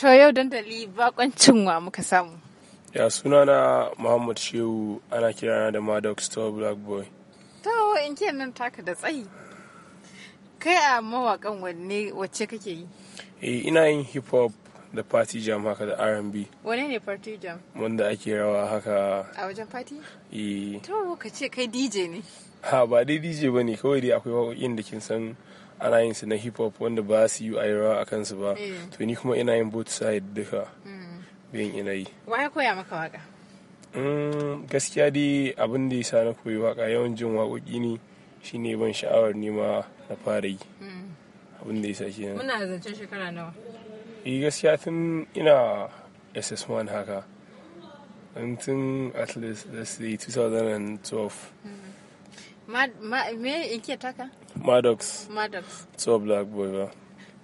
To yau dandali bakoncin wa muka samu. Ya sunana Muhammad Shehu ana kirana da Maddox Store Black Boy. To in nan taka da tsayi. Kai a mawakan wanne wacce kake yi? Eh ina yin hip hop da party jam haka da R&B. Wane ne party jam? Wanda ake rawa haka. A wajen party? Eh. To ka ce kai DJ ne. Ha ba dai DJ bane kawai dai akwai yin da kin san ana yin su na hip hop wanda ba su yi a rawa a kansu ba eh. to ni kuma ina yin both side duka hmm. bayan ina yi wa ya koya maka waka hmm, gaskiya dai abin da ya sa na koyi waka yawan jin waƙoƙi ne shine ban sha'awar nema na fara yi hmm. abin da ya sa kenan muna zancen shekara nawa eh gaskiya tun ina ss1 haka tun at least let's say 2012 Ma, me inke Maddox. Maddox. So Black Boy ba.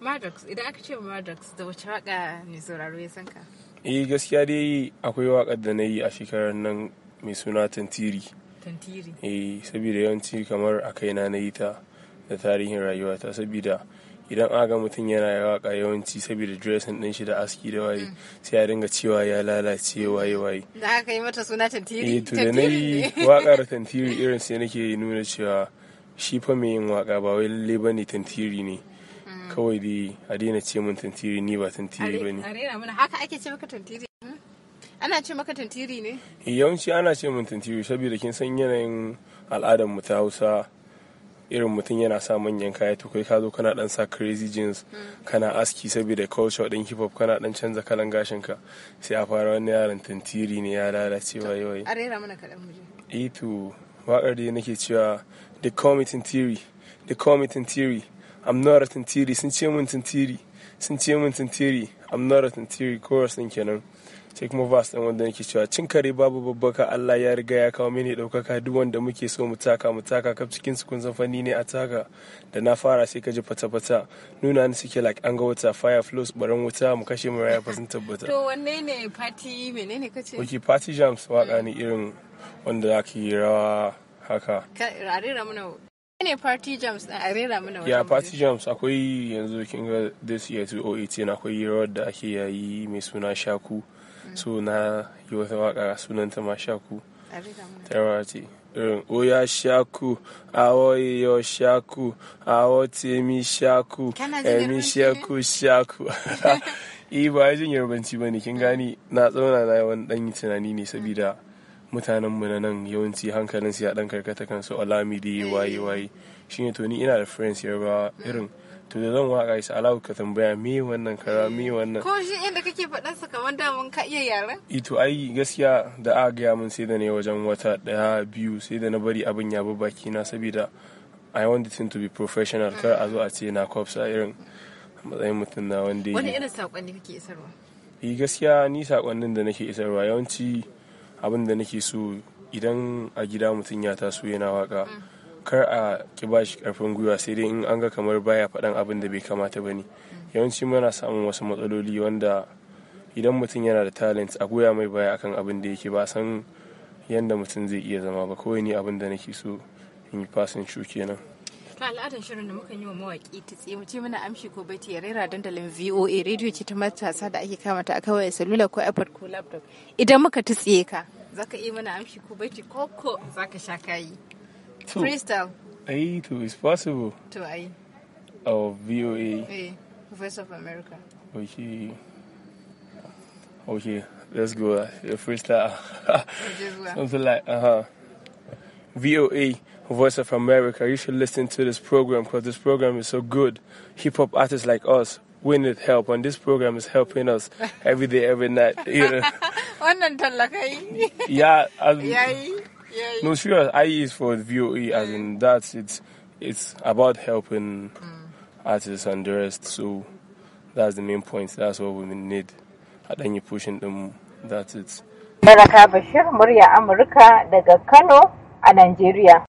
Maddox, idan aka ce Maddox da wace waka ne sauraro ya san ka? Eh gaskiya dai akwai wakar da na yi a shekarar nan mai suna Tantiri. Tantiri. Eh saboda yawanci kamar a kaina na yi ta da tarihin rayuwata saboda idan ga mutum yana ya waka yawanci saboda dressing din shi da aski da waye sai ya dinga cewa ya lalace waye waye da aka yi mata suna tantiri eh to da nayi wakar tantiri irin sai nake nuna cewa shi fa mai yin waka ba wai lalle bane tantiri ne kawai dai a daina ce mun tantiri ni ba tantiri bane a rera mana haka ake ce maka tantiri hmm? ana ce maka tantiri ne yawanci ana ce min tantiri saboda kin san yanayin al'adar mu ta Hausa irin mutum yana sa manyan kaya to kai ka zo kana dan sa crazy jeans mm. kana aski saboda culture din hip hop kana dan canza kalan gashin ka sai a fara wani yaron tantiri ne ya lalace waye waye a rera mana kadan muje eh to waƙar da nake cewa the committee theory the committee theory i'm not a tantiri sun ce mun tantiri sun ce min tintiri i'm not a tintiri chorus din kenan sai kuma vas din wanda nake cewa cin kare babu babbaka Allah ya riga ya kawo mini daukaka duk wanda muke so mu taka mu taka kaf cikin su kun san fanni ne a taka da na fara sai ka ji fata fata nuna ni suke like an ga wata fire flows baran wuta mu kashe mu raya fasin tabbata to wanne ne party menene kace okay party jams waka ne irin wanda zaki rawa haka ka rare ne party jams a rera mana wani ya party jams akwai yanzu kin ga this year 2018 akwai rawar da ake yayi mai suna shaku mm. so na yi wata waka sunanta ma shaku tarawa ce irin oya shaku awo iyo shaku awo temi shaku emi shaku shaku i eh, ba jin yarbanci ba ne kin gani na tsauna na wani dan tunani ne saboda mutanenmu na nan yawanci hankalin su ya dan karkata kan su olamide waye waye shine to ni ina da friends yarbawa irin to da zan waka shi Alahu ka tambaya me wannan kara me wannan ko shi inda kake faɗan sa kamar da mun ka iya yaran eh to ai gaskiya da aka gaya mun sai da ne wajen wata daya biyu sai da na bari abin ya bi baki na saboda i want the thing to be professional kar a zo a ce na kwafsa irin matsayin mutum na wanda wani irin saƙonni kake isarwa eh gaskiya ni saƙonnin da nake isarwa yawanci abin da nake so idan a gida mutum ya taso yana waka kar a ki ba shi karfin gwiwa sai dai in an ga kamar baya faɗan abin da bai kamata ba ne yawanci muna samun wasu matsaloli wanda idan mutum yana da talent a goya mai baya akan abin da yake ba san yadda mutum zai iya zama ba kawai ne abin da nake so in yi fasin shuke nan. ka al'adar shirin da muka yi wa mawaƙi ta tsaye ce mana amshi ko bai ya rera dandalin VOA rediyo ce ta matasa da ake kamata a kawai salula ko iPad ko laptop idan muka ta tsaye ka zaka iya mana amshi ko bai ta ko ko ka sha kayi freestyle ai to is possible to ai of VOA eh voice of America okay okay let's go a eh, freestyle something like uh huh VOA Voice of America, you should listen to this program because this program is so good. Hip hop artists like us, we need help, and this program is helping us every day, every night. You know. yeah, as, no, sure. I is for VOE, as in mm. that it's it's about helping mm. artists and the rest. So that's the main point. That's what we need. And then you're pushing them. That's it. Baraka Bashir, murya Amurka Kano and Nigeria.